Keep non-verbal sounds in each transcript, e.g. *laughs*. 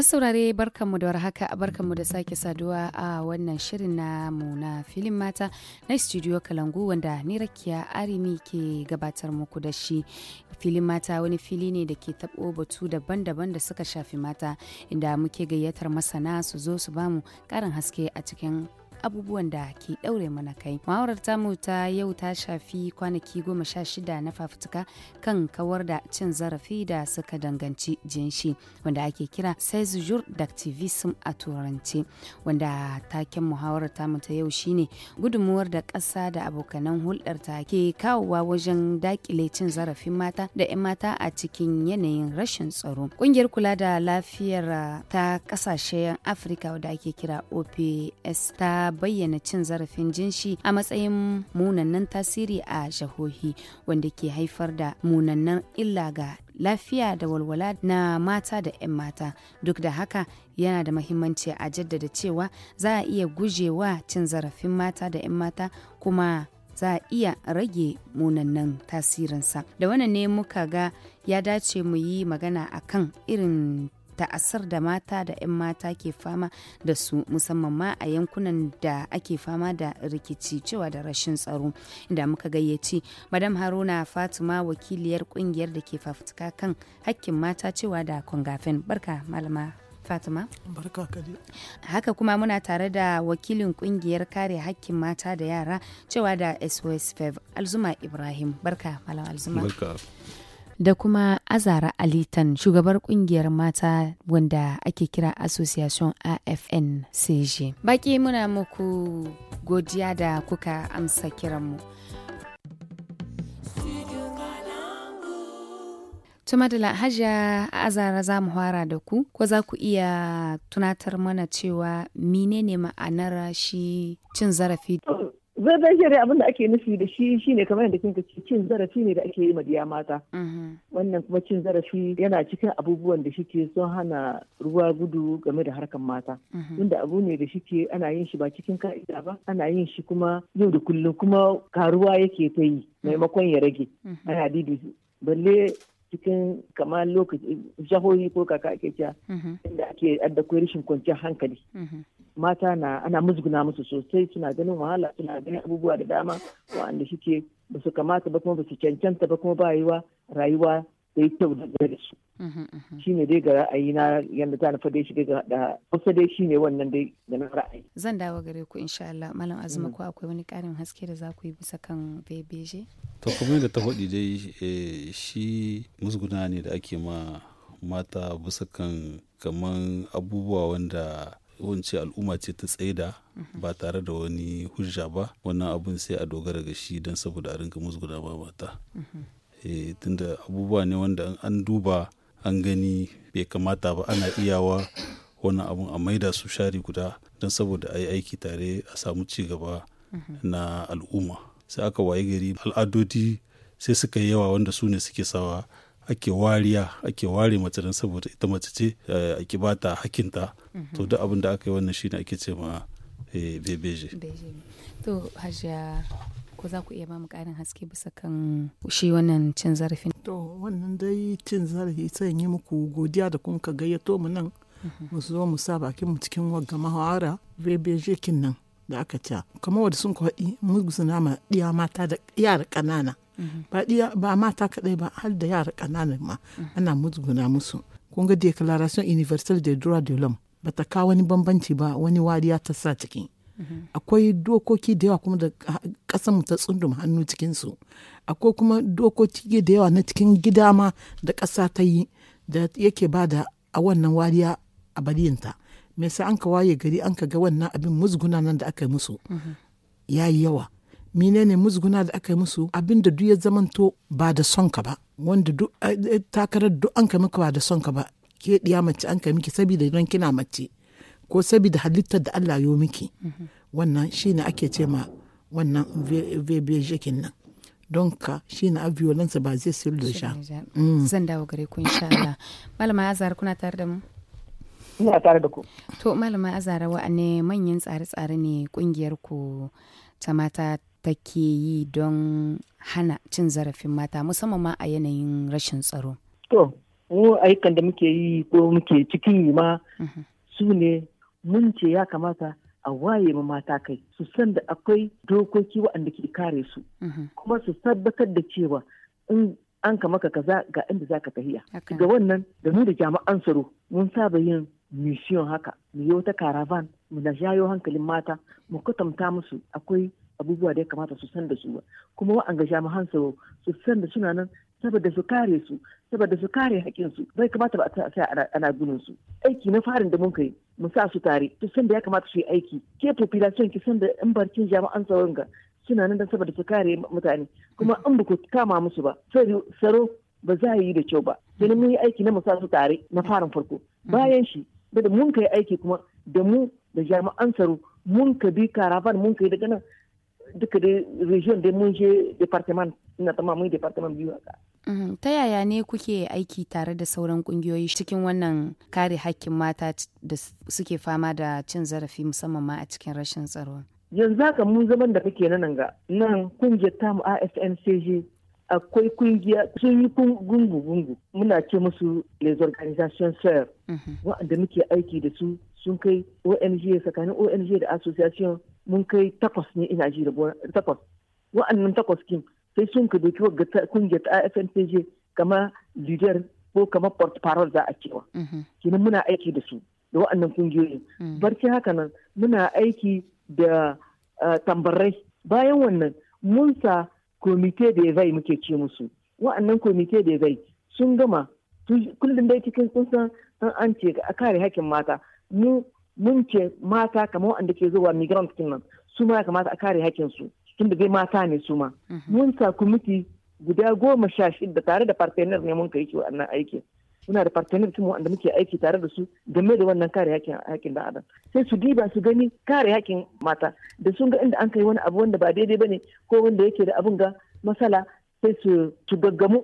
masaurare barkanmu da warhaka barkanmu da sake saduwa a wannan shirin na na filin mata na studio kalangu wanda ni rakiya arimi ke gabatar muku da shi filin mata wani fili ne da ke tabo batu daban-daban da suka shafi mata inda muke gayyatar masana su zo su bamu karin haske a cikin abubuwan da ke ɗaure mana kai muhawarar tamu ta yau ta shafi kwanaki goma sha shida na fafutuka kan kawar da cin zarafi da suka danganci jinshi wanda ake kira seizure d'activism a turance wanda taken muhawarar tamu ta yau shine gudunmuwar da ƙasa da abokanan hulɗar ta ke kawowa wajen dakile cin zarafin mata da 'yan mata a cikin yanayin rashin tsaro ƙungiyar kula da lafiyar ta ƙasashen afirka wanda ake kira ops ta bayyana cin zarafin jinshi a matsayin munanan tasiri a shahohi wanda ke haifar da munanan illa ga lafiya da walwala na mata da 'yan mata duk da haka yana da mahimmanci a jaddada cewa za a iya gujewa cin zarafin mata da 'yan mata kuma za a iya rage munanan tasirinsa da wannan ne muka ga ya dace mu yi magana akan irin ta'asar da mata da 'yan mata ke fama da su musamman ma a yankunan da ake fama da rikici cewa da rashin tsaro inda muka gayyaci madam haruna fatima wakiliyar kungiyar da ke fafutuka kan hakkin mata cewa da kongafen barka malama Fatima. Barka kadi. Haka kuma muna tare da wakilin kungiyar kare hakkin mata da yara cewa da SOS 5 e Alzuma Ibrahim. Barka Malam Alzuma. Barka. da kuma Azara Alitan shugabar kungiyar mata wanda ake kira Association AFN CG. Baki muna muku godiya da kuka amsa kiranmu. Tuma da a azara za mu hara da ku, ko za ku iya tunatar mana cewa menene ma'anar shi cin zarafi? zai shi abin da ake nufi da shi shine kamar yadda kinka ce cin zarafi ne da ake yi ma biya mata mm-hmm. wannan kuma cin zarafi yana cikin abubuwan da shike sun hana ruwa gudu game da harkan mata inda mm-hmm. abu ne da shike ana yin shi ba cikin ka'ida ba ana yin shi kuma yau da kullum kuma karuwa yake ta yi mm-hmm. maimakon ya rage ana didi balle cikin kamar lokaci jahohi ko kaka ake cewa mhm. inda ake addakwai rashin kwanciyar hankali mhm. mata na ana musguna musu sosai suna ganin wahala suna ganin abubuwa da dama wa'anda suke ba su kamata ba kuma ba su cancanta ba kuma ba rayuwa sai kyau da gare su shi ne dai ga ra'ayi na yadda ta nufa dai shi dai da kusa dai shi ne wannan dai da na ra'ayi zan dawo gare ku insha Allah malam azuma mm. ko akwai wani karin haske da za ku yi bisa kan bebeje to kuma da ta hudi dai eh, shi musguna ne da ake ma mata bisa kan kaman abubuwa wanda wance al'umma ce ta tsaida ba tare da wani hujja ba wannan abun sai a dogara ga shi don saboda a rinka musguna ba mata e, tunda abubuwa ne wanda an duba an gani bai kamata ba ana iyawa wani abun a maida su shari guda don saboda a yi aiki tare a samu ci gaba na al'umma sai aka waye gari al'adodi sai suka yi yawa wanda su ne suke sawa ake wariya ake ware mace don saboda ita mace ce eh, a kibata hakinta mhm. to duk abin da aka yi wannan shine ake ce ma eh, bebeje to ko za ku iya ba mu ƙarin haske bisa kan shi wannan cin zarafin to wannan dai cin zarafi sai yi muku godiya da kun ka gayyato mu nan mhm. mu zo mu sa bakin mu cikin wagga mahawara bebe kin nan da aka ca kamar wanda sun kwaɗi mugzuna ma ɗiya mata da yara ƙanana mhm. ba ɗiya ba mata kaɗai ba har da yara ƙanana ma mhm. ana mugzuna musu kun ga declaration universal des droits de l'homme ba ta kawo wani bambanci ba wani wariya ta sa ciki akwai dokoki da yawa kuma da mu ta tsundum hannu cikinsu akwai kuma dokoki da yawa na cikin gida ma da ƙasa ta yi da yake ba da a wannan wariya a bariyinta me sa an ka waye gari an ka ga wannan abin musguna nan da aka yi musu mm-hmm. ya yi yawa menene musguna da aka yi musu abin da duk ya zamanto ba da son ka ba wanda duk eh, eh, takarar duk an ka maka ba da son ka ba ke diya mace an ka miki saboda idan kina mace ko saboda halittar da Allah yo miki mm-hmm. wannan shine ake ce ma wannan vbj kenan don ka shi na violence ba zai sirri da sha mm. zan dawo gare ku insha Allah malama azhar kuna tare da mu ina tare da ku to malama azhar wa'ane manyan tsare-tsare ne kungiyar ku ta mata take yi don hana cin zarafin mata musamman ma a yanayin rashin tsaro to mu ayyukan da muke yi ko muke cikin yi ma mhm. su ne mun ce ya kamata a waye ma mata kai su san da akwai dokoki waɗanda ke kare su mhm. kuma su tabbatar da cewa in an ka maka kaza ga inda za ka tafiya ga wannan da mu da jami'an tsaro mun saba yin mission haka mu yi wata caravan mu na jayo hankalin mata mu kwatanta musu akwai abubuwa da ya kamata su san da su ba kuma wa'anga jami'an tsaro su san da suna nan saboda su kare su saboda su kare su bai kamata ba a sa ana gunin su aiki na farin da mun kai mu sa su tare san sanda ya kamata su yi aiki ke population ki sanda in barkin jami'an tsaron ga suna nan saboda su kare mutane kuma in ba ku kama musu ba tsaro ba za yi da kyau ba sai mun yi aiki na mu sa su tare na farin farko bayan shi da mun kai aiki kuma da mu da jami'an tsaro mun ka bi karavan mun kai daga nan duka da region da mun je departement na tamamin departement biyu haka Mm-hmm. Ta yaya ne kuke aiki tare da sauran kungiyoyi cikin wannan kare hakkin mata da suke fama da cin zarafi musamman ma a cikin rashin tsaro? Yanzu haka mun zaman da kake nan ga nan kungiyar tamu AFNCG akwai kungiya sun yi gungu-gungu muna ce musu les organisations sœurs mm-hmm. wa'anda muke aiki da su sun kai ONG tsakanin ONG da association mun kai takwas ne ina ji da takwas wa'annan takwas kin sai sun ka doki wagga kungiyar ta kama leader ko kama port parole za a cewa. Mhm. kinan muna aiki da su da wa'annan kungiyoyi mhm. Barci haka nan muna aiki da tambarai bayan wannan mun sa komite da ya zai muke ce musu wa'annan komite da ya zai sun gama kullum dai cikin sun san an ce a kare hakkin mata mu mun ce mata kamar wanda ke zuwa migrant kinnan su ma kamata a kare hakkin su tunda dai mata ne su ma mhm. mun sa kwamiti guda goma sha shida tare da partner ne mun kai ki wannan aikin muna da partner mu wanda muke aiki tare da su game da wannan kare hakkin hakkin da adam sai su diba su gani kare hakkin mata da sun ga inda an kai wani abu wanda ba daidai bane ko wanda yake da abun ga masala sai su su gaggamu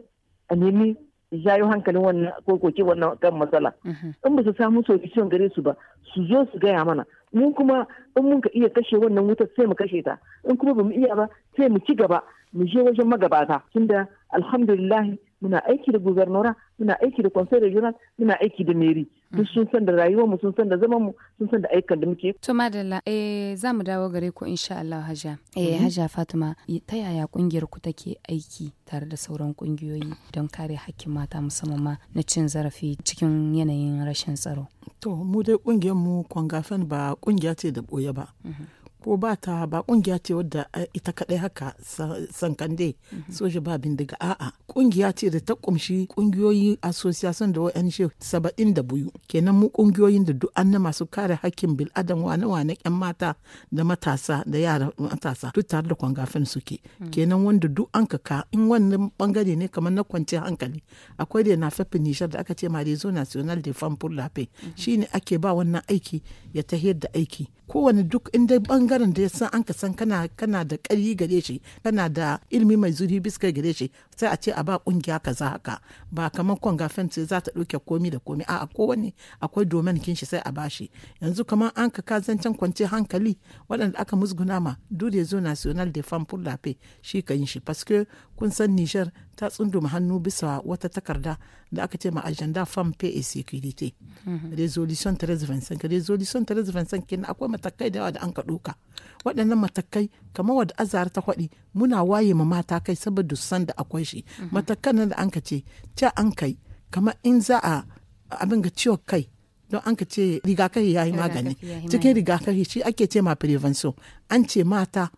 a nemi jayo hankalin wannan ko koke wannan kan matsala mhm. in ba su samu solution gare su ba su zo su gaya mana mu kuma in mun ka iya kashe wannan wutar sai mu kashe ta in kuma bamu iya ba sai mu ci gaba mu je wajen magabata tunda alhamdulillah muna aiki da gubernora muna aiki da conseil regional muna aiki da meri duk mm. sun san da rayuwar mu sun san da zaman mu sun san da aikin da muke to madalla eh za mu dawo gare ku insha Allah haja eh mhm. haja Fatima ta yaya kungiyar ku take aiki tare da sauran kungiyoyi don kare hakkin mata musamman ma na cin zarafi cikin yanayin rashin tsaro to mu dai kungiyar mu kwangafen ba kungiya ce da boye ba mhm. ko ba ta ba kungiya ce wadda eh, ita kadai haka sankande soja ba bindiga a'a kungiya ce da ta kumshi kungiyoyi association da ONG saba'in da biyu. kenan mu kungiyoyin da duk an na masu kare hakkin bil adam wane wane yan mata da matasa da yara matasa duk tare da kwangafin suke hmm. kenan wanda duk an ka in wannan bangare ne kamar na kwanciyar hankali akwai da na fafin nishar da aka ce ma rezo national de femme pour la hmm. shine ake ba wannan aiki ya ta da aiki kowane duk inda bangare bangaren da ya san an ka san kana kana da ƙari gare shi kana da ilimi mai zuri biskar gare shi sai a ce a ba kungiya za haka ba kamar kwanga fence za ta ɗauke komi da komi a'a kowane akwai domin kin shi sai a bashi yanzu kamar an ka kazancan kwance hankali waɗanda aka musguna ma dure zo national de femme pour la paix shi ka yin shi parce kun san Niger ta tsunduma hannu bisa wata takarda da aka ce ma agenda femme paix et sécurité mhm. resolution 1325 resolution 1325 kenan akwai matakai da yawa da an ka doka waɗannan matakai kamar wadda azar ta kwaɗi muna waye ma mata kai saboda san da akwai shi mhm. matakan nan da an ka ce ta an kai kamar in za a abin ga ciwon kai don an ka ce rigakafi ya yi magani cikin rigakafi shi ake ce ma prevention an ce mata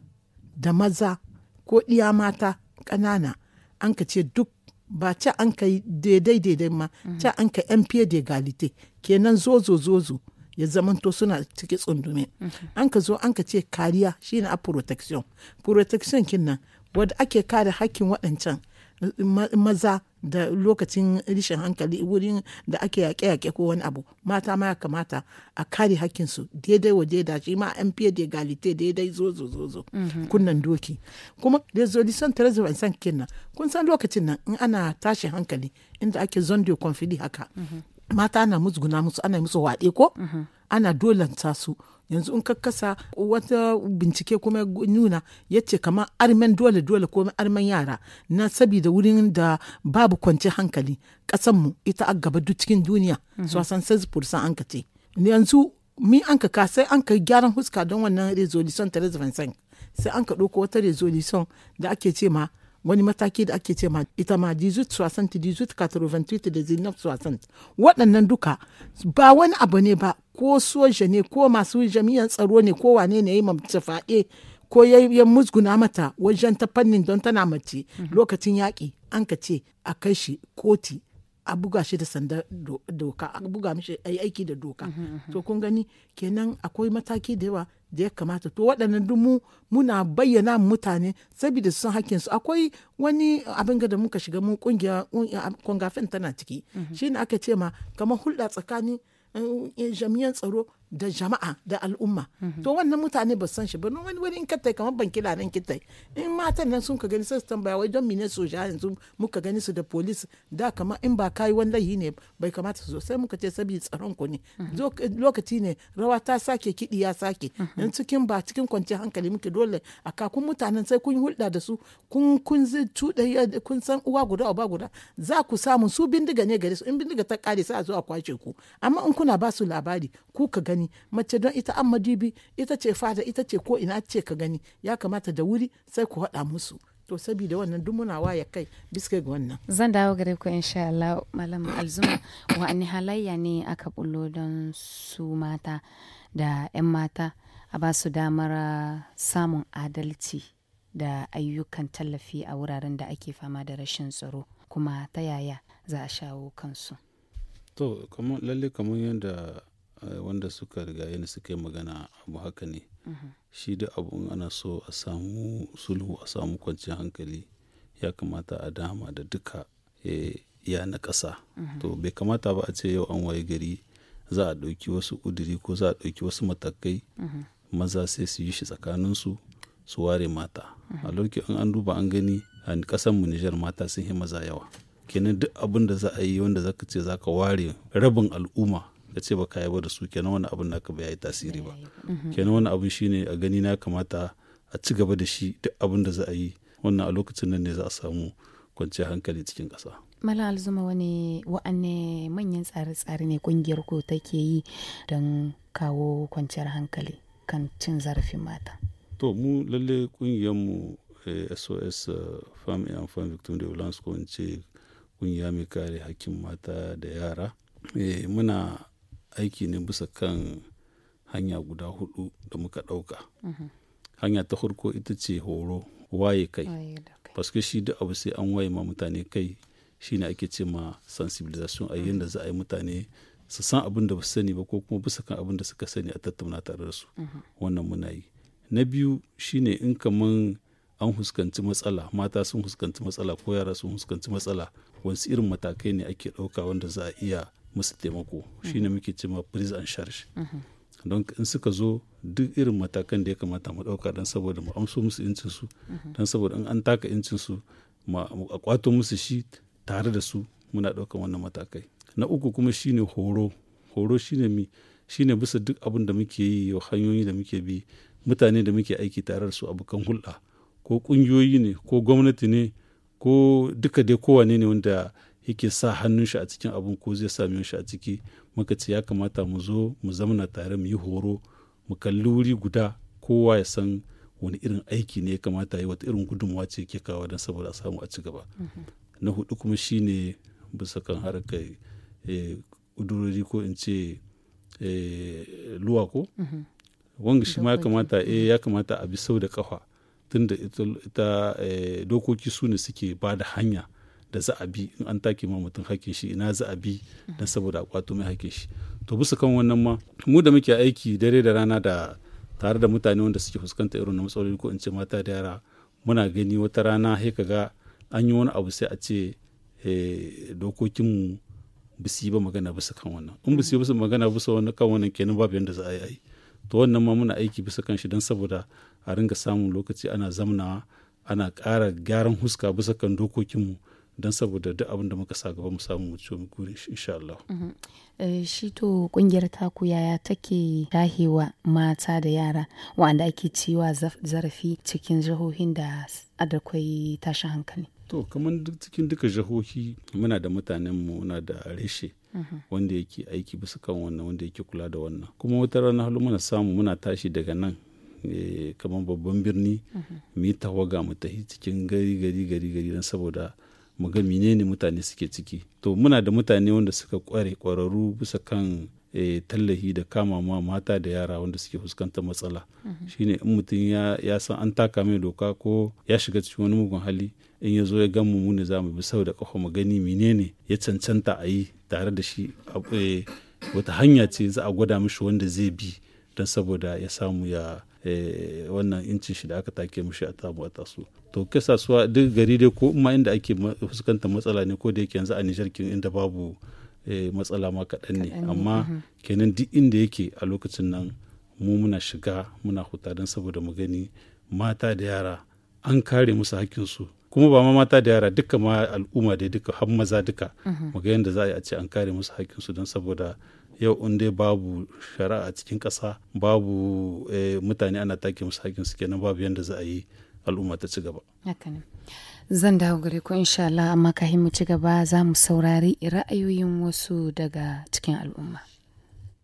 da maza ko iya mata ƙanana an ka ce duk ba ca an ka daidai daidai ma ca an ka yan fiye da galite kenan zozo zozo ya zamanto suna ciki tsundume an ka zo an ka ce kariya shine a protection protection kinnan wadda ake kare hakkin waɗancan maza da lokacin rishin hankali wurin da ake yaƙe-yaƙe ko wani abu mata ma ya kamata a kare hakinsu daidai wa daida shi ma an fiye da galite daidai zo zo zo zo mhm. kunnan doki kuma resolution ta ban san kenan kun san lokacin nan in ana tashin hankali inda ake zondo confidi haka mhm. mata ana musguna musu ana musu waɗe ko mhm. ana dolanta su yanzu in kakkasa wata bincike kuma nuna ya ce kamar armen dole dole ko armen yara na sabida wurin da babu kwanci hankali kasanmu ita a gaba duk cikin duniya mhm. sosan fursan an ka ce yanzu mi an ka sai an ka gyaran huska don wannan resolution 325 sai an ka ɗauko wata resolution da ake ce ma wani mataki da ake ce ma ita ma 1860 1960 waɗannan duka ba wani abu ne ba ko soja ne ko masu jami'an tsaro ne ko wane ne ya yi mamta faɗe ko ya musguna mata wajen ta fannin don tana mace mhm. lokacin yaƙi an ka ce a kai shi koti a buga shi da sanda doka a buga mishi aiki da doka mhm, mhm. to kun gani kenan akwai mataki da yawa da ya kamata to waɗannan duk mu muna bayyana mutane saboda sun hakkin su akwai wani abin da muka shiga mu kungiya tana ciki mhm. shine aka ce ma kamar hulɗa tsakanin eh, jami'an tsaro da jama'a da al'umma mhm. to wannan mutane ba san shi ba wani wani in kattai kamar ban kila nan kittai in matan nan sun ka gani sai su tambaya wai don mine su ja yanzu muka gani su da police da kama in ba kai wani laihi ne bai kamata su zo sai muka ce sabi tsaron ku ne mhm. lokaci ne rawa ta sake kiɗi ya sake in mhm. cikin ba cikin kwanci hankali muke dole a kakun mutanen sai kun hulɗa da su kun kun kun san uwa guda uba guda za ku samu su bindiga ne gare su in bindiga ta kare sai a zo a kwace ku amma in kuna ba su labari ku ka gani gani mace don ita an madibi ita ce fada ita ce ko ina ce ka gani ya kamata da wuri sai ku haɗa musu to saboda wannan duk muna waya kai biskai ga wannan zan dawo gare ku insha Allah malam alzuma wa'anni halayya ne aka bullo don su mata da 'yan mata a ba su damar samun adalci da ayyukan tallafi a wuraren da ake fama da rashin tsaro kuma ta yaya za a shawo kansu to kamar lalle kamar yadda Eh, wanda suka riga yana suka yi magana abu haka ne shi duk abu in ana so a samu sulhu a samu kwanciyar hankali ya kamata a dama da duka eh, ya na ƙasa to bai kamata ba a ce yau an waye gari za a ɗauki wasu ƙuduri ko za a ɗauki wasu matakai maza sai su yi shi tsakaninsu su ware mata a lokacin an duba an gani a mu nijar mata sun yi maza yawa kenan duk abin da za a yi wanda zaka ce zaka ware rabin al'umma ka ce baka yaba da su kenan wani abin naka bai yi tasiri ba mhm. kenan wani abin shine a gani na kamata a ci gaba da shi duk abin da za a yi wannan a lokacin nan ne za a samu kwanciyar hankali cikin ƙasa. Mala Alzuma wani wa'anne manyan tsare-tsare ne kungiyar ku take yi don kawo kwanciyar hankali kan cin zarafin mata. To mu lalle mu SOS eh, eh, Farm and Farm Victim Development ko in ce kungiya mai kare hakkin mata da yara. Eh, muna aiki ne bisa kan hanya guda hudu da muka ɗauka mhm. hanya ta farko ita ce horo waye kai paske shi duk abu sai an waye ma mutane kai shine ake ce ma sensibilisation a yadda za a yi mutane su san abin da basu sani ba ko kuma bisa kan abin da suka sani a tattauna tare da su mhm. wannan muna yi na biyu shine in kaman an huskanci matsala mata sun huskanci matsala ko yara sun huskanci matsala wasu irin matakai ne ake ɗauka wanda za a iya musu taimako shine mm-hmm. muke cewa prise en charge mm-hmm. don in suka zo duk irin matakan da ya kamata mu ɗauka don saboda mu amso musu incinsu mm-hmm. don saboda in an taka incinsu a kwato musu shi tare da su muna ɗauka wannan matakai na uku kuma shine horo horo shine mi shine bisa duk abin da muke yi yau hanyoyi da muke bi mutane da muke aiki tare da su abokan hulɗa ko ƙungiyoyi ne ko gwamnati ne ko duka dai kowane ne wanda yake sa hannun shi a cikin abin ko zai sami shi a ciki muka ce ya kamata mu zo mu zamana tare mu yi horo mu kalli wuri guda kowa ya san wani irin aiki ne ya kamata yi wata irin gudunmawa ce ke kawo don saboda a samu a ci gaba mm-hmm. na hudu kuma shine bisa kan harkar eh, kudurori ko in ce eh, luwa ko mm-hmm. wanga shi ma ya kamata eh, mm-hmm. ya kamata a bi sau da kafa tunda ita dokoki su ne suke ba da hanya da za a bi in an take ma mutum hakkin shi ina za a bi don saboda kwato mai hakkin shi to bisa kan wannan ma mu da muke aiki dare da rana da tare da mutane wanda suke fuskanta irin na matsaloli ko in ce mata da yara muna gani wata rana sai ka ga an yi wani abu sai a ce eh, dokokinmu ba su yi ba magana bisa kan wannan in ba su yi magana bisa wani kan wannan kenan babu yadda za a yi to wannan ma muna aiki bisa kan shi don saboda a ringa samun lokaci ana zamna ana ƙara gyaran huska bisa kan dokokinmu don saboda duk abin da muka sa gaba mu samu mutu mu gure insha Allah. Mhm. Eh, shi to kungiyar taku yaya take rahewa mata da yara wanda ake ciwa zarafi cikin jihohin da adakwai tashin hankali. To kamar cikin duka jihohi muna da mutanenmu muna da reshe. Mhm. wanda yake aiki bisa kan wannan wanda yake kula da wannan kuma wata rana halu muna samu muna tashi daga nan eh, kamar babban birni mhm. mu yi tawaga mu tafi cikin gari gari gari gari don saboda mu ga menene mutane suke ciki to muna da mutane wanda suka kware kwararru bisa kan e, tallahi da kama ma mata da yara wanda suke fuskantar matsala mhm. shine in mutum ya, san an taka mai doka ko ya shiga cikin wani mugun hali in ya zo ya gan mu ne za mu bi sau da ƙafa mu gani menene ya cancanta a yi tare da shi eh, wata hanya ce za a gwada mishi wanda zai bi don saboda ya samu ya Eh, wannan inci shi da aka take mushi a tabu a taso to kasa suwa duk gari dai ko ma inda ake fuskantar matsala ne ko da yake yanzu a nijar kin inda babu eh, matsala ma kaɗan ne amma mhm. kenan duk inda yake a lokacin nan mu muna shiga muna huta don saboda mu gani mata da yara an kare musu hakkinsu kuma ba ma mata da yara duka ma al'umma dai duka har maza duka mhm. mu ga yadda za a ce an kare musu hakkinsu don saboda yau in dai babu shari'a a cikin ƙasa babu eh, mutane ana take musu hakin su kenan babu yadda za a yi al'umma ta ci gaba zan dawo gare ku insha Allah amma kahin mu ci gaba za mu saurari ra'ayoyin wasu daga cikin al'umma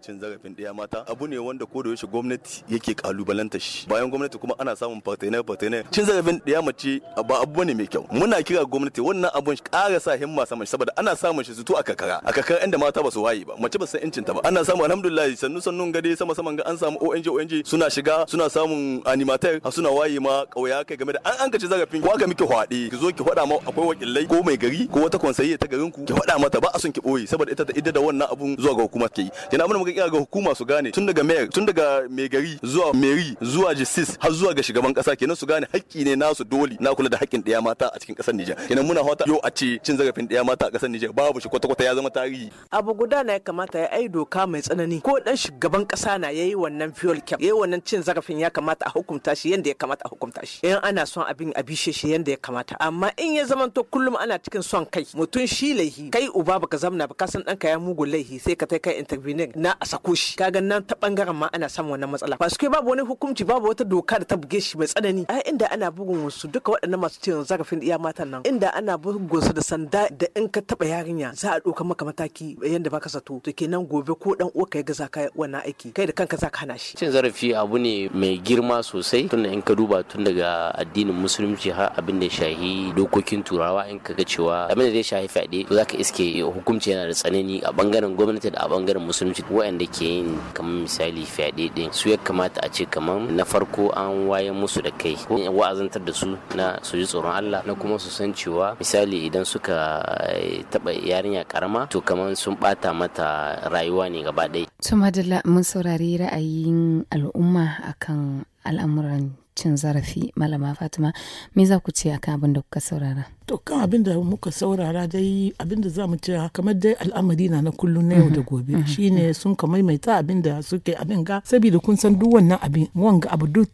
cin zarafin ɗaya mata abu ne wanda ko da yaushe gwamnati yake kalubalanta shi bayan gwamnati kuma ana samun partner partner cin zarafin ɗaya mace ba abu ne mai kyau muna kira gwamnati wannan abun ƙara sa himma sama shi saboda ana samun shi zutu a kakara a kakara inda mata ba su waye ba mace ba san incinta ba ana samu alhamdulillah sannu sannun gade sama saman ga an samu ONG ONG suna shiga suna samun animator suna waye ma ƙauya kai game da an an kace zarafin ko aka miki hwaɗe ki zo ki faɗa ma akwai wakilai ko mai gari ko wata konsayye ta garin ku ki faɗa mata ba a son ki ɓoye saboda ita ta idda da wannan abun zuwa ga hukuma ke yi kina abin kira ga hukuma su gane tun daga mayor tun daga mai gari zuwa meri zuwa jisis har zuwa ga shugaban kasa kenan su gane haƙƙi ne nasu dole na kula da haƙƙin ɗaya mata a cikin ƙasar Nijar kenan muna hota yau a ce cin zarafin ɗaya mata a ƙasar Nijar babu shi kwata-kwata ya zama tarihi abu guda na ya kamata ya ai doka mai tsanani ko dan shugaban kasa na yayi wannan fuel cap yayi wannan cin zarafin ya kamata a hukunta shi yanda ya kamata a hukunta shi in ana son abin a bishe shi yanda ya kamata amma in ya zamanto kullum ana cikin son kai mutum shi laihi kai uba baka zamna ba ka san ɗanka ya mugun laihi sai ka kai intervening na a sako shi kaga nan ta bangaren ma ana samun wannan matsala ba su kai babu wani hukunci babu wata doka da ta buge shi mai tsanani a inda ana bugun su duka waɗannan masu cin zarafin iya matan nan inda ana bugun su da sanda da in ka taba yarinya za a ɗauka maka mataki yanda baka sato to kenan gobe ko dan uwa ka ga zaka wannan aiki kai da kanka za hana shi cin zarafi abu ne mai girma sosai tun in ka duba tun daga addinin musulunci har abin da shahi dokokin turawa in ka ga cewa abin da zai shahi fyaɗe to zaka iske hukunci yana da tsanani a bangaren gwamnati da a bangaren musulunci wanda ke yin kamar misali fyaɗe ɗin su ya kamata a ce kamar na farko an waye musu da kai ko wa'azantar da su na su ji tsoron Allah na kuma su san cewa misali idan suka eh, taɓa yarinya karama to kamar sun ɓata mata rayuwa ne gaba ɗaya. Tumadala mun saurari ra'ayin al'umma akan al'amuran cin zarafi malama fatima me za ku ce akan abin da kuka saurara to kan abin da muka saurara dai abin da za mu ce kamar dai al'amari na na kullun na yau da mhm. gobe mhm. shine mhm. sun ka maimaita abin da suke abin ga saboda kun san duk wannan abin wanga abu duk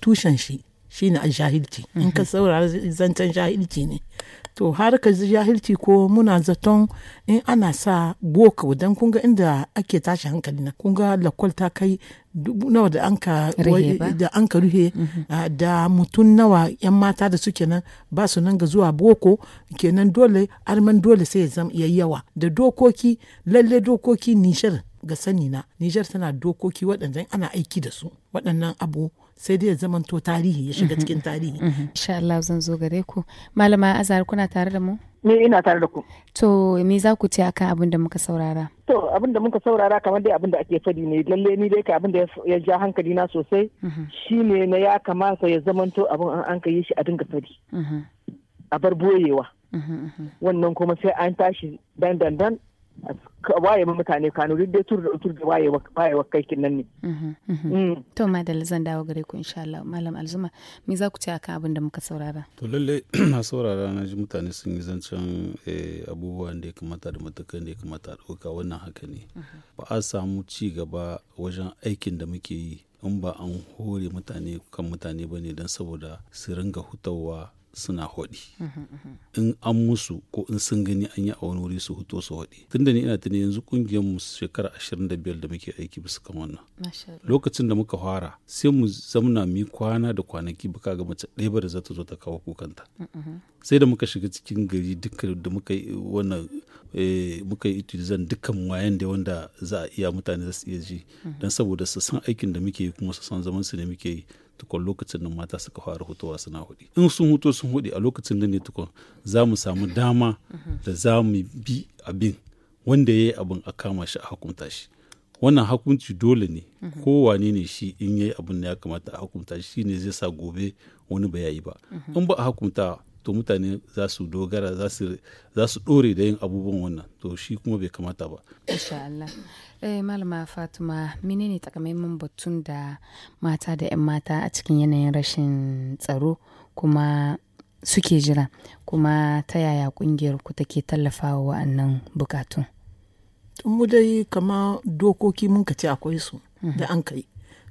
tushen shi shine a jahilci in ka saurara zancen jahilci ne to har ka ji jahilci ko muna zaton in ana sa boko don kunga inda ake tashi hankali na kunga lakwal ta kai dubu nawa da anka da anka ruhe mhm. da mutum nawa yan mata da suke nan ba su nan ga zuwa boko kenan dole arman dole sai ya yawa da dokoki lalle dokoki nishar ga sani na nijar tana dokoki waɗanda ana aiki da su waɗannan abu sai dai ya zamanto tarihi ya shiga mhm. cikin tarihi mhm. insha Allah zan zo gare ku malama azhar kuna tare da mu ni ina tare da ku to me za ku ce akan abin da muka saurara to abin da muka saurara kamar dai abin da ake fadi ne lalle ni dai ka abin da ya ja hankali na sosai mhm. shine na ya kamata ya zamanto abin an an kai shi a dinga fadi a bar boyewa wannan kuma sai an tashi dan dan dan waye ma mutane kano duk dai tur da tur da waye waye kai nan ne mhm, mhm. Mm. to madal zan dawo gare ku insha Allah malam alzuma me za ku ce akan abin da muka saurara to lalle *clears throat* na saurara na ji mutane sun yi zancen eh, abubuwan da ya kamata da matakan da ya kamata a ɗauka wannan haka ne mhm. ba a samu ci gaba wajen aikin da muke yi in ba an hore mutane kan mutane ba ne don saboda su ringa hutawa suna hodi. in an musu ko in sun gani an yi a wani wuri su hoto su hodi. tun da ni ina tuni yanzu kungiyar mu shekara 25 da muke aiki bisa kan wannan lokacin da muka fara sai mu zamna mu kwana da kwanaki baka ga mace ɗaya ba da za ta zo ta kawo kukanta sai da muka shiga cikin gari duka da muka yi wannan eh, muka yi dukkan wayan da wanda za a iya mutane za su iya ji don saboda su san aikin da muke yi kuma su san zaman su ne muke yi tukun lokacin nan mata suka fara hutuwa suna hudi in sun huto sun hudi a lokacin nan ne tukun za mu samu dama da za mu bi abin wanda ya yi abin a kama shi a hukunta shi wannan hukunci dole ne kowane ne shi in ya yi abin da ya kamata a hukunta shi ne zai sa gobe wani ba ya yi ba in ba a hukunta to mutane za su dogara za su ɗore da yin abubuwan wannan to shi kuma bai kamata ba Eh, Malama Fatima, menene takamaiman batun da mata da 'yan mata a cikin yanayin rashin tsaro kuma suke jira kuma ta yaya kungiyar ku take tallafawa wa'annan bukatun? mu dai kama dokoki mun ce akwai su da mhm. an kai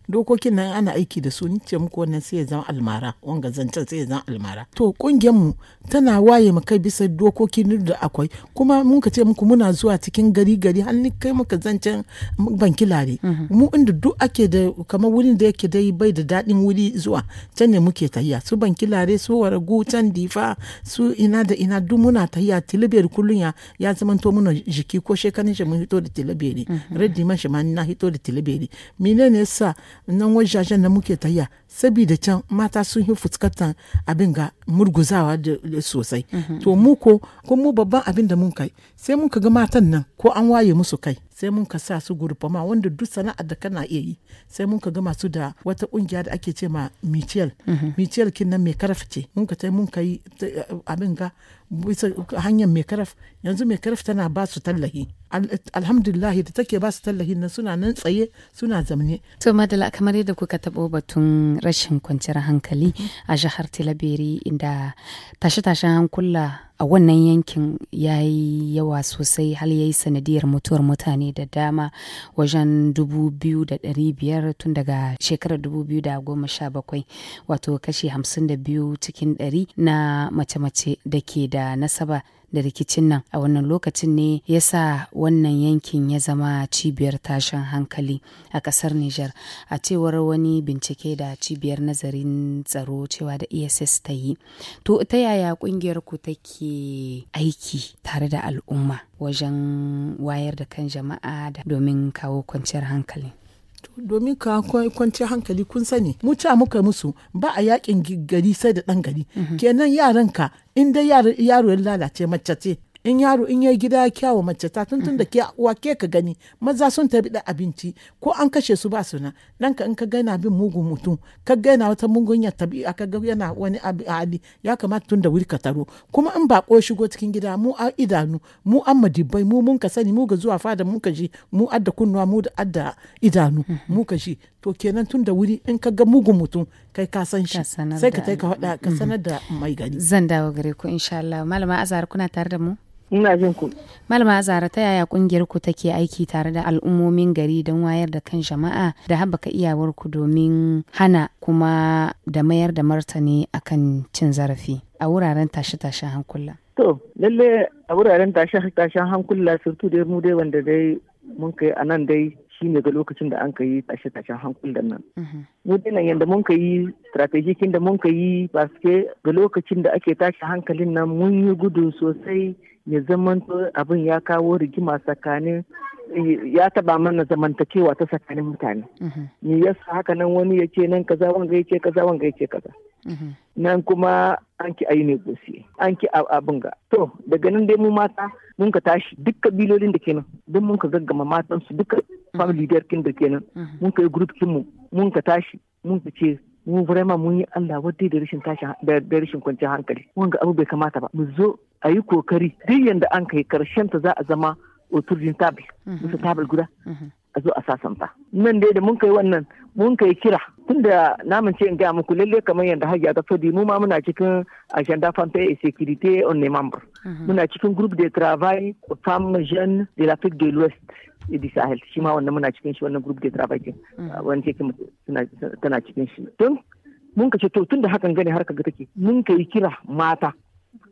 dokokin nan ana aiki da su nice muku wannan sai ya zama almara wanga zancen sai ya zama almara to kungiyar mu tana waye mu kai bisa dokokin da akwai kuma mun ka ce muku muna zuwa cikin gari gari har ni kai muka zancen bankilare mhm. mu inda duk ake da kamar wurin da yake dai bai da daɗin wuri zuwa can ne muke tahiya su bankilare su waragu can difa su ina da ina duk muna tahiya tilibiyar kullun ya ya zamanto muna jiki ko shekarun shi mun hito da tilibiyar redi man shi ma na hito da tilibiyar menene yasa nan wajajen da muke tayya sabida can mata sun yi fuskantar abin ga murguzawa da sosai mhm. to mu ko ko mu babban abin da mun kai sai mun ga matan nan ko an waye musu kai sai mun ka sa su ma wanda duk sana'ar da kana iya yi sai mun ka ga masu da wata kungiya da ake ce ma michel michel kin nan mai karaf ce mun ka tai mun kai abin ga hanyar mai karaf yanzu mai karaf tana ba su tallahi alhamdulillahi da take ba su tallahin nan suna nan tsaye suna zamne. to madala kamar yadda kuka taɓo batun rashin kwanciyar hankali mhm. a jihar tilabiri inda tashe-tashen hankula a wannan yankin ya yi yawa sosai har ya yi sanadiyar mutuwar mutane da dama wajen 2,500 tun daga shekarar 2017 wato kashi 52 cikin 100 na mace-mace da ke da nasaba da rikicin nan a wannan lokacin ne ya sa wannan yankin ya zama cibiyar tashin hankali a kasar Nijar a cewar wani bincike da cibiyar nazarin tsaro cewa da ESS ta yi. To ta yaya kungiyar ku take ke aiki tare da al'umma wajen wayar da kan jama'a da domin kawo kwanciyar hankali domin ka kwanciyar hankali kun sani mu ca muka musu ba a yakin gari sai da dan gari mhm. kenan yaran ka in yaro ya lalace mace ce in yaro in yayi gida kyawu mace ta tuntun da ke wa ke ka gani maza sun tabi da abinci ko an kashe su ba suna dan ka in ka gaina bin mugun mutum ka gaina wata mugun ya tabi aka ga yana wani hali ya kamata tun da wuri ka taro kuma in ba ko shigo cikin gida mu a idanu mu an madibbai mu mun ka sani mu ga zuwa fada mu ka ji mu adda kunnuwa mu da adda idanu mm-hmm. mu ka ji to kenan tun da wuri in ka ga mugun mutum kai ka san shi sai ka taika ka ka mm-hmm. sanar da mai gani zan dawo gare ku insha Allah malama azhar kuna tare da mu Ina jin ku. Malama Zara ta yaya kungiyar ku take aiki tare da al'ummomin gari don wayar da kan jama'a da haɓaka iyawar ku domin hana kuma da mayar da martani akan cin zarafi a wuraren tashe-tashen hankula. To, lalle a wuraren tashe-tashen hankula surtu dai mu dai wanda dai mun kai a nan dai shi ne ga lokacin da an ka yi tashe-tashen hankulan nan. Mhm. Mu dai nan yadda mun ka yi strategikin da mun ka yi baske ga lokacin da ake tashi hankalin nan mun yi gudu sosai ya zaman abin ya kawo rigima tsakanin ya taba mana zamantakewa ta tsakanin mutane Ni mhm. yasa haka nan wani ce nan kaza wanga yake kaza wanga yake kaza mhm. nan kuma an ki ayi ne gosi an ki abin ga to daga nan dai mu mata mun ka tashi duk kabilolin da kenan don mun ka gaggama matan su duka mhm. family leader kin da kenan mun ka yi group mu mun ka tashi mun ka ce mu vraiment mun yi Allah wadda da rashin tashin da rashin kwanciyar hankali wanga abu bai kamata ba mu zo a yi kokari duk yanda an kai karshen ta za a zama autour mm-hmm. table guda mm-hmm. a zo a sasanta nan dai da mun kai wannan mun kai kira tunda namun ce in gaya muku lalle kamar yadda hajiya ta fadi mu ma muna cikin agenda fanta et sécurité on est membre mhm. muna cikin groupe de travail femmes jeunes de l'Afrique de l'Ouest Idi Sahel shi ma wannan muna cikin shi wannan group de travail din mhm. ah, wani ce tana cikin shi don mun ka ce to tunda hakan gani har kaga take mun kai kira mata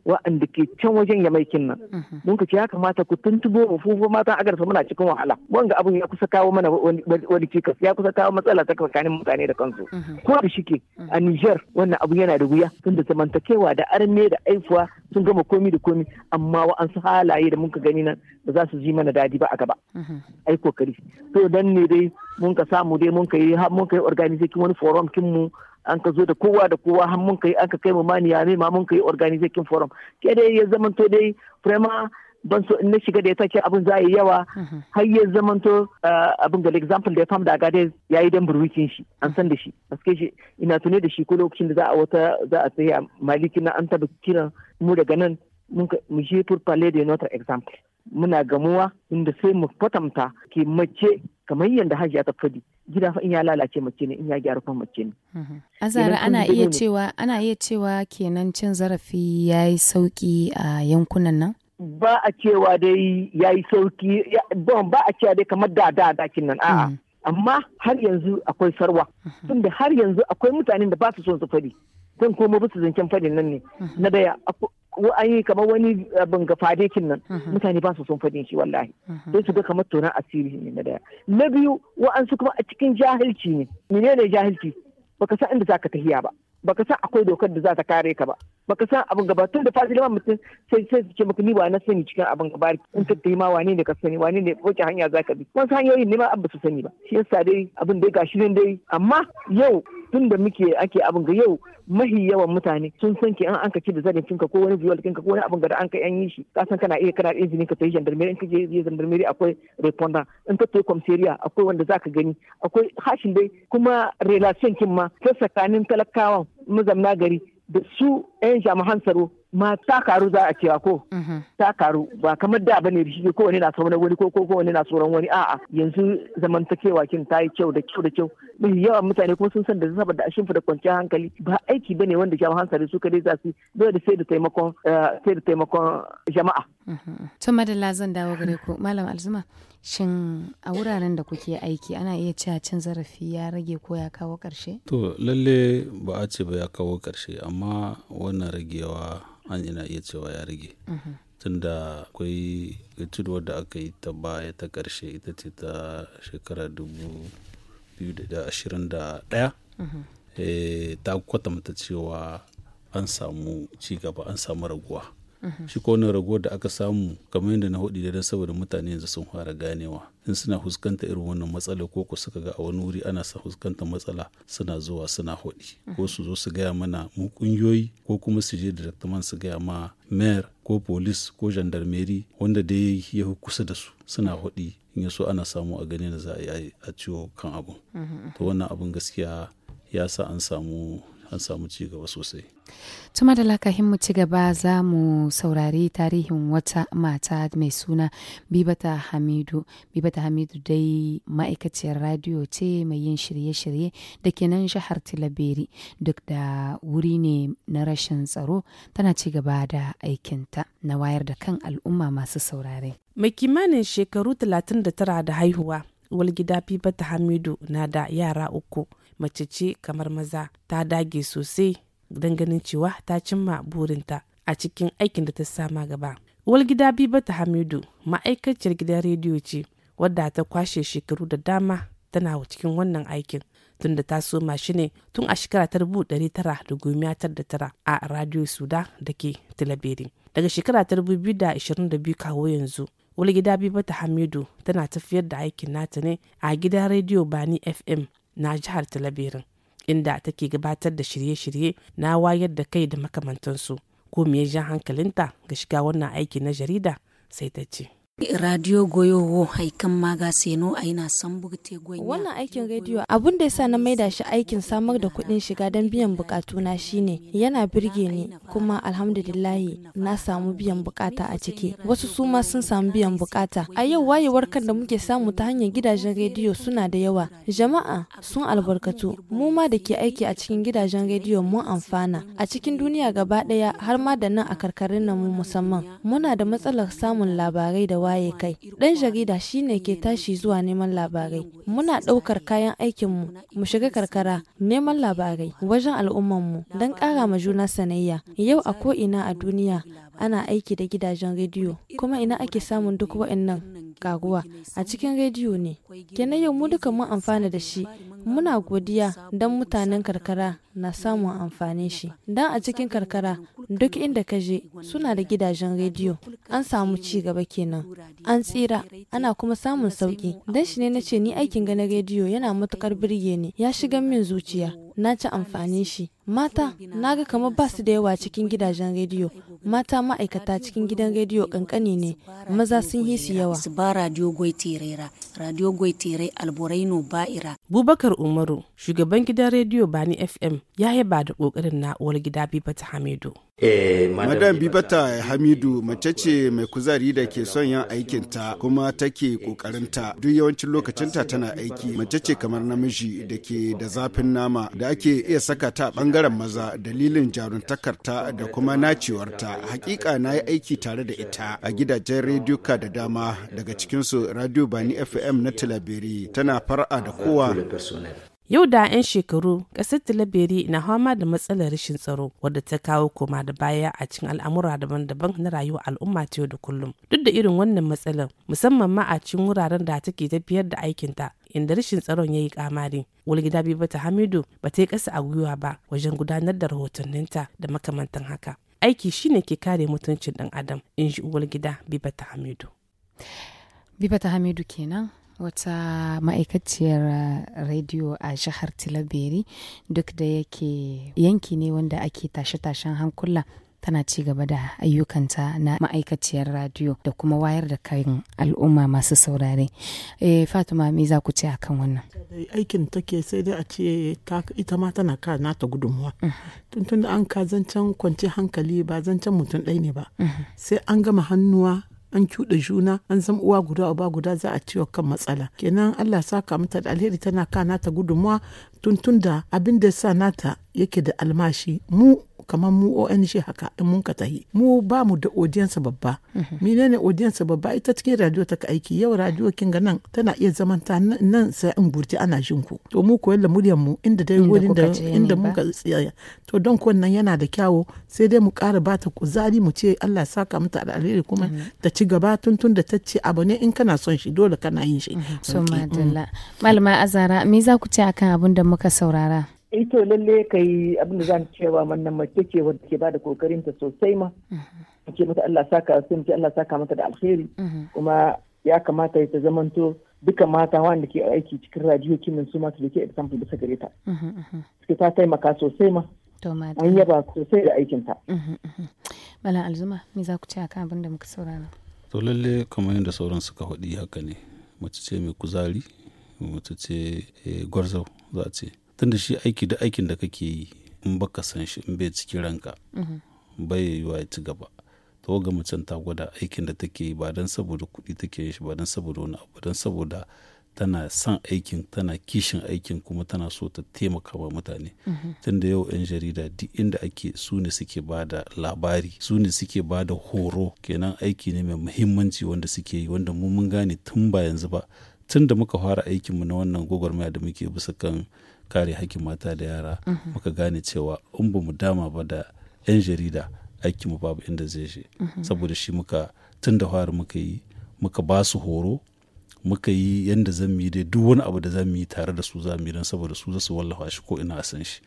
wa'anda ke can wajen ya maikin nan mhm. mun ka ce ya kamata ku tuntubo mu fufu mata agar muna cikin wahala wanga abun ya kusa kawo mana wani cikas ya kusa kawo matsala ta tsakanin mutane da kansu mhm. ko da shike a Nijar wannan abu yana da wuya tunda zamantakewa da arme da aifuwa sun gama komi da komi amma wa'ansu halaye da mun ka gani nan ba za su ji mana dadi ba a gaba mhm. ai kokari to dan ne dai mun ka samu dai mun ka yi mun ka wani forum kin mu an ka zo da kowa da kowa har mun kai an ka kai mu ma niyame ma mun kai organizing forum ke dai ya zamanto dai prema ban so in na shiga da ya take abin za yi yawa mhm. har ya zamanto ah, abin ga example da ya fam da gade ya yi dan burwikin shi an san da shi paske shi ina tune da shi ko lokacin da za a wata za a tsaya maliki na an taba kiran mu daga nan mu je pour parler de notre example muna gamuwa inda sai mu kwatanta ke mace kamar yadda hajiya ta fadi gida fa in ya lalace mace ne in ya gyara kuma mace ne. Mhm. Azara ana iya cewa ana iya cewa kenan cin zarafi ya yi sauki a yankunan nan? Ba a cewa dai ya yi sauki ba a cewa dai kamar da da da nan a'a. Mhm. Amma har yanzu akwai sarwa mhm. tunda har yanzu akwai mutanen da ba su son su fadi. zan komo bisa zancen fadin nan ne mhm. na daya an yi kamar wani eh, abin ga fadekin nan mhm. mutane ba su son fadin shi wallahi mhm. sai su ga kamar tonan asiri ne na daya na biyu wa'ansu kuma a cikin jahilci ne menene jahilci baka san inda zaka tahiya ba baka san akwai dokar da za ta kare ka ba baka san abin gaba tun da fasili ma mutum sai sai su ce maka ni ba na sani cikin abin gaba in ka tayi ma wani ne ka sani wani ne wace hanya za ka bi wasu hanyoyin ne ma abu su sani ba shi yasa dai abin dai gashi nan dai amma yau tun da muke ake abin ga yau mahi yawan mutane sun san ke an anka ci da zarin ka ko wani viol kinka ko wani abin ga da ka yan yi shi ka san kana iya kana iya jinin ka tafi gendarmerie in ka je gendarmerie akwai reponda in ka tafi komisariya akwai wanda za ka gani akwai hashin dai kuma relation kin ma ta tsakanin talakawan mazamna gari da su 'yan jami'an tsaro ma ta karu za a cewa ko mhm. ta karu ba kamar da bane shi ko wani na sauran wani ko ko wani na sauran wani a'a yanzu zamantakewa kin ta yi kyau da kyau da kyau mai yawa mutane kuma sun san da saboda a shimfida kwanciyar hankali ba aiki bane wanda jami'an tsaro su kadai za su dole sai da taimakon eh, sai da taimakon jama'a mhm. to madalla zan dawo gare ku malam alzuma shin a wuraren da kuke aiki ana iya cewa cin zarafi ya rage ko ya kawo karshe to lalle ba a ce ba ya kawo karshe amma wani wannan ragewa an ina iya cewa ya rage tunda akwai etude da aka yi ta baya ta karshe ita ce ta shekara 2021 eh, ta kwatanta cewa an samu cigaba an samu raguwa Mm-hmm. shi ko wannan raguwar da aka samu kamar yadda na hudu da saboda mutane yanzu sun fara ganewa in suna huskanta irin wannan matsala ko ku suka ga a wani wuri ana sa fuskanta matsala suna zuwa suna hudi ko su zo su gaya mana mu kungiyoyi ko kuma su je directman su gaya ma mayor ko polis ko gendarmerie wanda dai ya kusa da su suna hudi in ya yaso ana samu a gani da za a yi a ciwo kan abu. Mm-hmm. to wannan abun gaskiya ya sa an samu an samu ci gaba sosai. Tuma da lakahin mu ci gaba za mu saurari tarihin wata mata mai suna Bibata Hamidu. Bibata Hamidu dai ma'aikaciyar radiyo ce mai yin shirye-shirye da ke nan jihar Tilaberi duk da wuri ne na rashin tsaro tana ci gaba da aikinta na wayar da kan al'umma masu saurare. Mai kimanin shekaru 39 da haihuwa, Walgida Bibata Hamidu na da yara uku. mace ce kamar maza ta dage sosai don ganin cewa ta cimma burinta a cikin aikin da ta sama gaba. Walgida Bibata Hamidu ma'aikaciyar gidan rediyo ce wadda ta kwashe shekaru da dama tana cikin wannan aikin tun da ta soma shi ne tun a shekara ta tara a Radio Suda da ke Daga shekara ta biyu kawo yanzu Walgida Bibata Hamidu tana tafiyar da aikin nata ne a gidan rediyo Bani FM na jihar talabirin inda take gabatar da shirye-shirye na wayar da kai da makamantansu ko me ya hankalinta ga shiga wannan aiki na jarida sai ta ce radio goyo haikan maga seno yana san bugte wannan aikin rediyo abun da yasa na maida shi aikin samar da kuɗin shiga don biyan bukatu na shine yana birge ni kuma alhamdulillahi na samu biyan bukata a ciki wasu su ma sun samu biyan bukata a yau wayewar kan da muke samu ta hanyar gidajen rediyo suna da yawa jama'a sun albarkatu mu ma da ke aiki a cikin gidajen rediyo mun amfana a cikin duniya gaba ɗaya har ma da nan a karkarin nan mu musamman muna da matsalar samun labarai da waye kai ɗan jarida shine ke tashi zuwa neman labarai muna ɗaukar kayan aikinmu mu shiga karkara neman labarai wajen mu don kara ma juna sanayya yau a ko ina a duniya ana aiki da gidajen rediyo kuma ina ake samun duk waɗannan karuwa a cikin rediyo ne kenan yau mu duka mun amfana da shi muna godiya don mutanen karkara na samun amfanin shi don a cikin karkara duk inda ka je suna da gidajen rediyo an samu ci gaba kenan an tsira ana kuma samun sauki don shi ne na ce ni aikin ganin rediyo yana matukar birge ni ya shiga min zuciya na ci amfani shi mata na ga kamar ba su da yawa cikin gidajen rediyo mata ma'aikata cikin gidan rediyo kankani ne maza sun yi su yawa ba radio goiterera radio goitere alboraino ba'ira bubakar umaru shugaban gidan rediyo bani fm ya yaba da kokarin na'uwar gida biba ta hamidu Eh, Madam Bibata Hamidu mace ce mai kuzari da ke son yin aikinta kuma take kokarinta duk yawancin lokacinta tana aiki mace ce kamar namiji da ke da zafin nama da ake iya saka ta ɓangaren maza dalilin jaruntakarta da kuma nacewarta hakika na yi aiki tare da ita a gidajen rediyoka da dama daga cikinsu radio bani fm na talabiri tana fara da kowa Yau da 'yan shekaru, ƙasar Tilaberi na fama da matsalar rashin tsaro wadda ta kawo koma da baya a cikin al'amura daban-daban na rayuwar al'umma ta yau da kullum. Duk da irin wannan matsalar, musamman ma a cikin wuraren da take tafiyar da aikinta, inda rashin tsaron ya yi kamari. Walgida Bibata Hamidu ba ta yi ƙasa a gwiwa ba wajen gudanar da rahotanninta da makamantan haka. Aiki shine ke kare mutuncin ɗan Adam, in ji Walgida Bibata Hamidu. Bibata Hamidu kenan. wata ma'aikaciyar uh, rediyo a jihar tilabiri duk da yake yanki ne wanda ake tashe-tashen hankula tana ci gaba da ayyukanta na ma'aikaciyar radio da kuma wayar da kan al'umma masu saurare e, fatima me za ku ce akan wannan aikin take sai dai a ce ita ma tana ka nata gudunmuwa tuntun da an ka zancen kwanci hankali ba zancen mutum ɗaya ne ba mm-hmm. sai an gama hannuwa an cuɗa juna an zama uwa guda uba guda za a ciwo kan matsala kenan Allah saka mata da alheri tana kana ta gudunmuwa tuntun da abin da sa nata yake da almashi mu kamar mu ONG haka in mun ka tahi mu ba mu da odiyansa babba mhm. menene odiyansa babba ita cikin radio ta aiki yau radio kin ga nan tana iya zaman ta nan sai in gurti ana jin ku to mu koyar da muryar mu inda dai wurin da inda ka tsaya to don nan yana da kyawo sai dai mu ƙara ba ta kuzari mu ce Allah saka mata da alheri kuma mhm. ta ci gaba tuntun da ta ce abu ne in kana son shi dole kana yin shi so mhm. madalla mm. malama azara me za ku ce akan abin da muka saurara ito eh lalle kai abin da zan cewa wannan mace ce wadda ke bada kokarin ta sosai ma mhm. ce mata Allah saka sun ce Allah saka mata da alheri mhm. kuma ya kamata ta zamanto duka mata wanda ke aiki cikin radio kimin su masu da ke example bisa gare ta mhm, suke ta taimaka sosai ma an yaba sosai da aikin ta mala alzuma me za ku ce akan abin da muka saurara to lalle kamar yadda sauran suka faɗi haka ne mace ce mai kuzari mace ce eh, gwarzau za a ce tunda shi aiki da aikin da kake yi in baka san shi in bai cikin ranka mhm. bai yiwa ya ci gaba to ga macen ta gwada aikin da take yi ba don saboda kuɗi take yin shi ba don saboda wani abu don saboda tana son aikin tana kishin aikin kuma tana so ta taimaka wa mutane mhm. tunda yau 'yan jarida duk inda ake su ne suke ba da labari su ne suke ba da horo kenan aiki ne mai muhimmanci wanda suke yi wanda mu mun gane tun ba yanzu ba tun da muka fara aikinmu na wannan gwagwarmaya da muke bisa kan kare hakkin mata da yara muka gane cewa in ba mu dama ba da 'yan jarida aikin mu babu inda zai je saboda shi muka tun da fara muka yi muka ba su horo muka yi yadda zan yi dai duk wani abu da zan yi tare da su zan yi don saboda su zasu su wallafa shi ko ina a san shi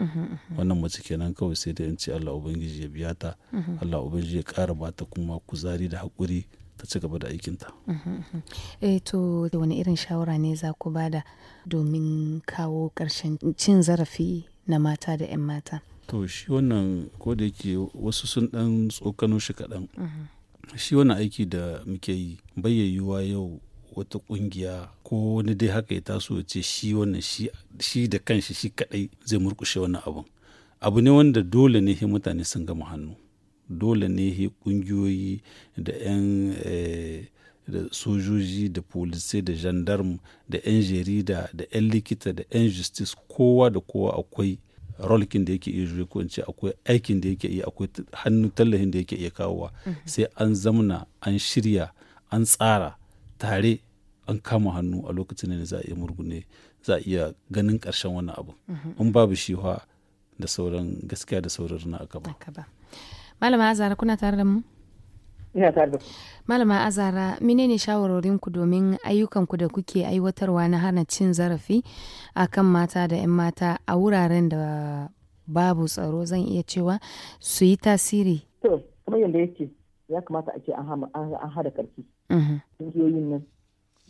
wannan mace kenan kawai sai da in ce Allah ubangiji ya biya ta Allah ubangiji ya kara ba ta kuma kuzari da haƙuri ta ci gaba da aikinta. Uhm, uhm. Eh to wani irin shawara ne za ku bada domin kawo ƙarshen cin zarafi na mata da 'yan mata? To shi wannan ko da yake wasu sun ɗan tsokano shi kaɗan. Uhm. Shi wannan aiki da muke yi bayyayuwa yau wata kungiya ko wani dai haka ya taso ya ce shi wannan shi da kanshi shi kaɗai zai murkushe wannan abu Abu ne wanda dole ne mutane sun gama hannu. dole ne kungiyoyi da 'yan eh, da sojoji da polisai da gendarme da 'yan jarida da 'yan likita da 'yan justice kowa da kowa akwai rolkin da yake iya ko in ce akwai aikin da yake iya akwai hannu tallafin da yake iya kawowa mm-hmm. sai an zamna an shirya an tsara tare an kama hannu a lokacin da za a iya murgune za a iya ganin ƙarshen wani abu mm-hmm. in babu shi da sauran gaskiya da sauran na akaba. Malama Azara kuna tare da mu? Ina tare da ku. Malama Azara, menene shawarorinku domin ayyukanku da kuke aiwatarwa na hana cin zarafi a kan mata da 'yan mata a wuraren da babu tsaro zan iya cewa su yi tasiri? To, kuma yadda yake ya kamata ake an hada karfi. Mm-hmm. Ƙungiyoyin nan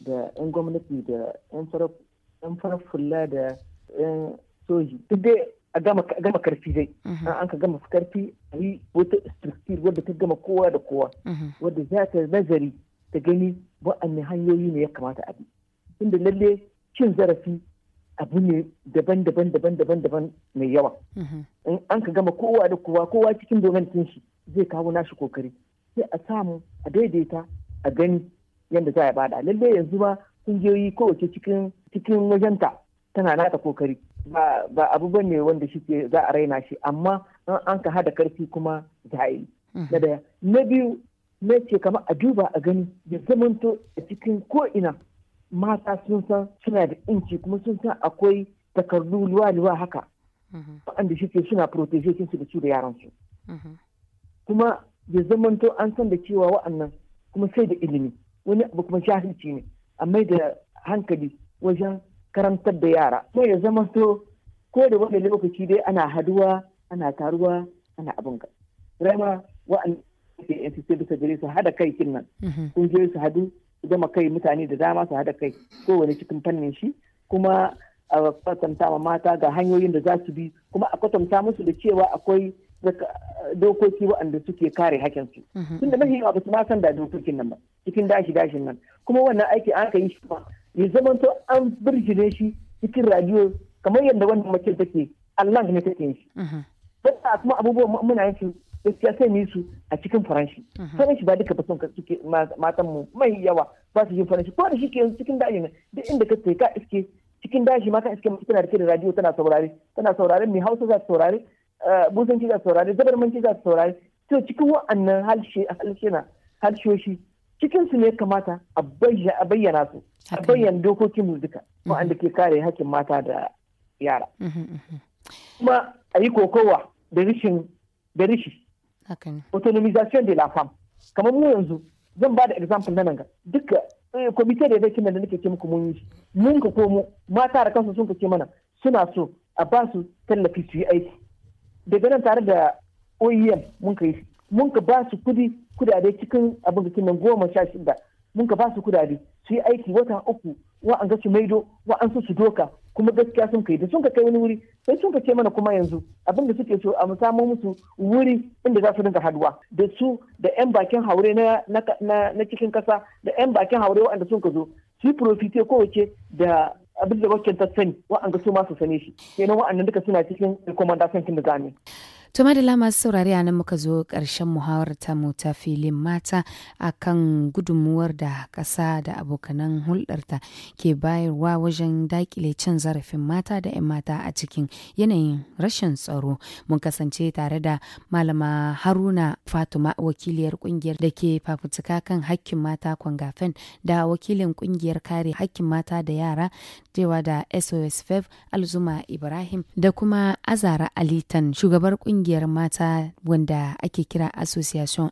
da 'yan gwamnati da 'yan da 'yan soji. Duk dai a gama gama karfi dai mhm. an ka gama karfi a yi wata structure wadda ta gama kowa da kowa mhm. wadda za ta nazari ta gani wa'anne hanyoyi ne ya kamata a bi inda lalle cin zarafi abu ne daban daban daban daban daban mai yawa mhm. in an ka gama kowa da kowa kowa cikin domin shi zai kawo nashi kokari sai a samu a daidaita a gani yadda za a bada lalle yanzu ma kungiyoyi kowace cikin cikin wajenta tana nata kokari ba abu ba ne bane wanda shi za a raina shi amma an ka hada karfi kuma mhm. da yi na biyu na ce kamar a duba a gani ya zamanto a cikin ko mata sun san suna da inci kuma sun san akwai takardu luwa-luwa haka mhm. wanda shi ke suna proteje su da su da su. Mhm. kuma ya zamanto an san da cewa wa'annan kuma sai da ilimi wani abu kuma jahilci ne amma da hankali wajen karantar da yara kuma ya zama so ko da wani lokaci dai ana haduwa ana taruwa ana abin ka rama wa'anda ke yan sisi bisa gare su hada kai kin nan mhm. kun je su hadu su gama kai mutane da dama su hada kai kowane cikin fannin shi kuma a kwatanta ma mata ga hanyoyin da za su bi kuma a kwatanta musu da cewa akwai dokoki waɗanda suke kare hakinsu mhm. tun da mafi yawa ba su ma san da dokokin nan ba cikin dashi dashin nan kuma wannan aiki an ka yi shi ba. ya to an birgine shi cikin radiyo kamar yadda wannan mace take Allah ne take yin shi mhm. da kuma abubuwan muna yin su gaskiya sai mu yi su a cikin faranshi mhm. faranshi ba duka ba son suke matan mu mai yawa ba su yin faranshi ko da shi ke cikin dajin ne duk inda ka sai ka iske cikin dajin ma ka iske mu tana da radio tana saurare tana saurare mai hausa za ta saurare busanci eh, za ta saurare manci za ta saurare to cikin wa'annan halshe halshe na halshoshi cikin su ne kamata a bayyana su a bayyana dokokin mu duka mhm. wa'anda ke kare hakkin mata da yara mhm, mhm. kuma a yi kokowa da rishin da rishi autonomization de la femme kamar mu yanzu zan ba da example na nan ga duka eh, komite da yadda nan da nake ce muku mun yi mun ka komo mata da kansu sun ka ce mana suna so a ba su tallafi su yi aiki daga nan tare da OEM mun ka yi mun ka ba su kudi kudade cikin abin da kinan goma sha shida mun ka ba su kudade su yi aiki wata uku wa an ga su maido wa an su su doka kuma gaskiya sun kai da sun ka kai wani wuri sai sun ka ce mana kuma yanzu abin da suke so a mu samu musu wuri inda za su dinga haduwa da su da yan bakin haure na na cikin kasa da yan bakin haure waɗanda sun ka zo su profite kowace da abin da sani ta sani ga su ma su sane shi kenan wa'annan duka suna cikin recommendation kin da zane. To madala masu saurari a nan muka zo ƙarshen muhawar ta ta filin mata a kan gudunmuwar da ƙasa da abokanan hulɗarta ke bayarwa wajen daƙile cin zarafin mata da 'yan mata a cikin yanayin rashin tsaro. Mun kasance tare da malama Haruna fatima wakiliyar ƙungiyar da ke fafutuka kan hakkin mata kwangafen da wakilin ƙungiyar kare hakkin mata da yara cewa da SOS 5 e Alzuma Ibrahim da kuma Azara Alitan shugabar ƙungiyar kungiyar mata wanda ake kira Association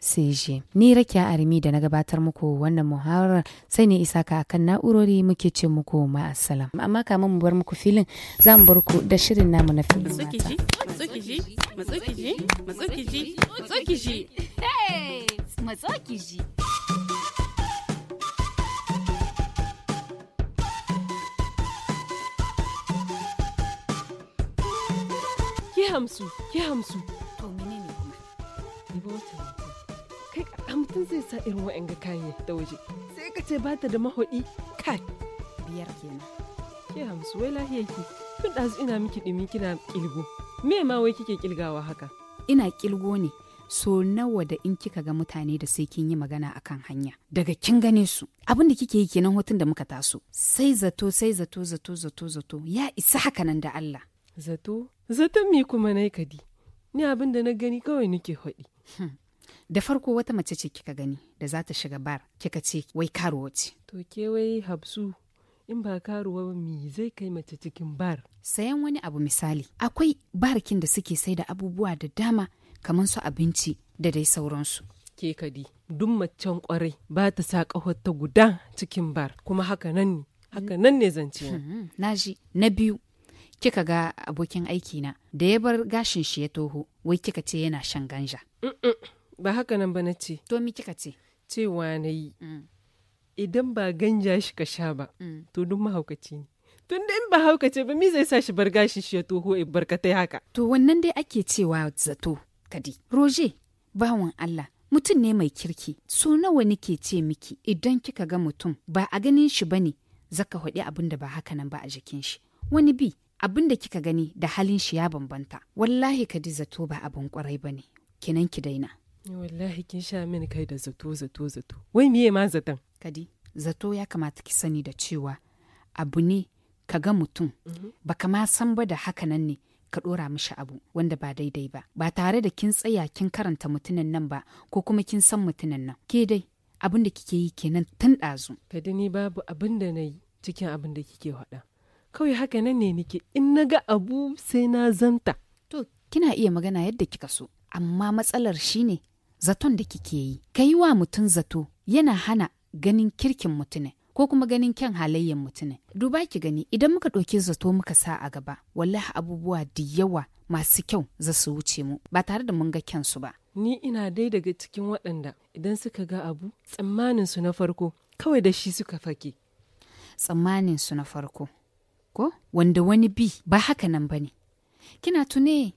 cg Ni Rakiya Arimi da na gabatar muku wannan muhawarar sai ne isa ka kan na'urori muke ce muku ma'asalam. Amma kamin mu bar muku filin za mu bar ku da shirin namu na filin mata. Ki hamsu, ki hamsu. To menene kuma? Kai hamsin zai sa irin wa'yan ga kayan ta waje. Sai ka ce ba ta da mahaɗi kai. Biyar kenan. Ki hamsu wai lahiya ki. Tun ɗazu ina miki ɗumi kina ƙilgo. Me ma wai kike ƙilgawa haka? Ina ƙilgo ne. so nawa da in kika ga mutane da sai kin yi magana akan hanya daga kin gane su abin da kike yi kenan hotun da muka taso sai zato sai zato zato zato zato ya isa hakanan da Allah zato zaton mi kuma nai kadi ni abin da na gani kawai nake haɗi hmm. da farko wata mace ce kika gani da za ta shiga bar kika ce wai karuwa ce to ke wai habsu in ba karuwa mi zai kai mace cikin bar sayan wani abu misali akwai barkin da suke sai da abubuwa da dama kamar su abinci da dai sauransu ke kadi duk macen kwarai ba ta sa ta guda cikin bar kuma haka nan ne haka hmm. nan ne zance na hmm, ji na biyu kika ga abokin aikina da ya bar gashin shi ya toho wai kika ce yana shan ganja. Ba haka nan ba na ce. To mi kika ce? Cewa na yi. Mm. Idan ba ganja shi ka sha ba, mm. to duk mahaukaci ne. Tun da in ba haukace ba mi zai sa shi bar gashin shi ya toho in barkatai haka. To wannan dai ake cewa zato kadi. Roje, bawan Allah, mutum ne mai kirki. So nawa nake ce miki idan kika ga mutum ba a ganin shi bane zaka haɗi abin da ba haka nan ba a jikin shi. wani bi abin da kika gani da halin shi ya bambanta wallahi kadi zato ba abin kwarai bane kinan ki daina wallahi kin sha mini kai da zato zato zato wai miye ma zaton kadi zato ya kamata ki sani da cewa abu ne ka ga mutum mhm. ba ka ma san ba da haka nan ne ka ɗora mishi abu wanda ba daidai ba ba tare da kin tsaya kin karanta mutumin nan ba ko kuma kin san mutumin nan ke dai abin da kike yi kenan tun ɗazu. Kadi ni babu abin da na yi cikin abin da kike faɗa. kawai haka nan ne nike in na ga abu sai na zanta to kina iya magana yadda kika so amma matsalar shi ne zaton da kike yi ka yi wa mutum zato yana hana ganin kirkin mutune. ko kuma ganin kyan halayyar mutune. duba ki gani idan muka ɗauki zato muka sa a gaba wallahi abubuwa da yawa masu kyau za su wuce mu ba tare da mun ga kyansu ba ni ina dai daga cikin waɗanda idan suka ga abu tsammaninsu na farko kawai da shi suka fake tsammanin su na farko ko wanda wani bi ba haka nan ba ne kina tune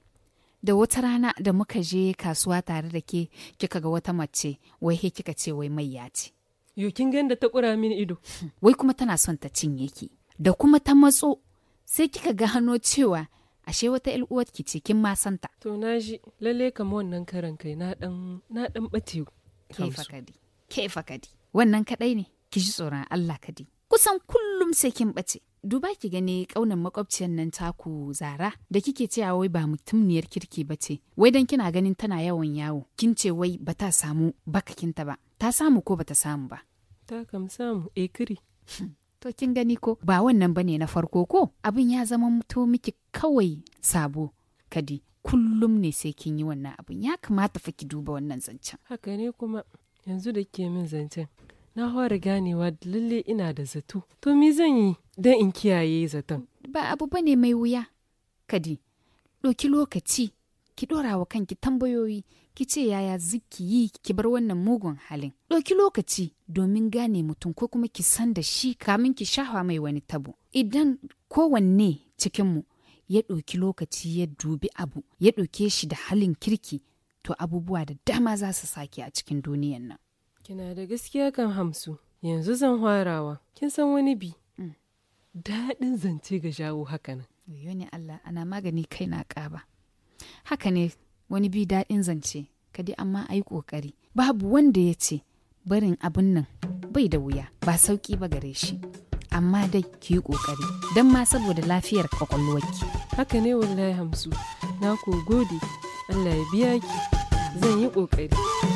da wata rana da muka je kasuwa tare da ke kika ga wata mace wai he kika ce wai mai ce yo kin da ta kura mini ido *laughs* wai kuma tana son ta cinye ki da kuma ta matso sai kika ga hannu cewa ashe wata ƴar ki ce kin ma santa to na ji lalle kama wannan karan kai na dan na dan ke fakadi ke fakadi wannan kaɗai ne ki ji tsoron Allah kadi kusan kullum sai kin bace duba ki gani kaunan makwabciyar nan taku zara da kike cewa wai ba mutumniyar kirki ba ce wai dan kina ganin tana yawan yawo kin ce wai ba ta samu bakakinta ba ta samu ko ba ta samu ba ta kam samu eh, kiri hmm. to kin gani ko ba wannan bane na farko ko abin ya zama mutu miki kawai sabo kadi kullum ne sai kin yi wannan abin ya kamata fa ki duba wannan zancen haka ne kuma yanzu da ke min zancen na fara ganewa lalle ina da zato to me zan yi don in kiyaye zaton ba abu bane mai wuya kadi ɗoki lokaci ki ɗora wa kanki tambayoyi ki ce yaya ziki yi ki bar wannan mugun halin ɗauki lokaci domin gane mutum ko kuma ki san da shi kamin ki shafa mai wani tabo idan kowanne cikinmu ya ɗauki lokaci ya dubi abu ya ɗauke shi da halin kirki to abubuwa da dama za su sake a cikin duniyan nan Kina da gaskiya kan hamsu, yanzu zan hwarawa, kin san wani bi. Mm. Daɗin zance ga jawo hakanan. Yoyo ne Allah, ana magani kai na ƙaba. Haka ne wani bi daɗin zance, kadi amma a yi ƙoƙari. Babu wanda ya ce, barin abin nan bai da wuya, ba sauƙi ba gare shi. Amma dai ki yi ƙoƙari, don ma saboda lafiyar ƙwaƙwalwarki. Haka ne wallahi hamsu, na ko gode, Allah ya biya ki, zan yi ƙoƙari.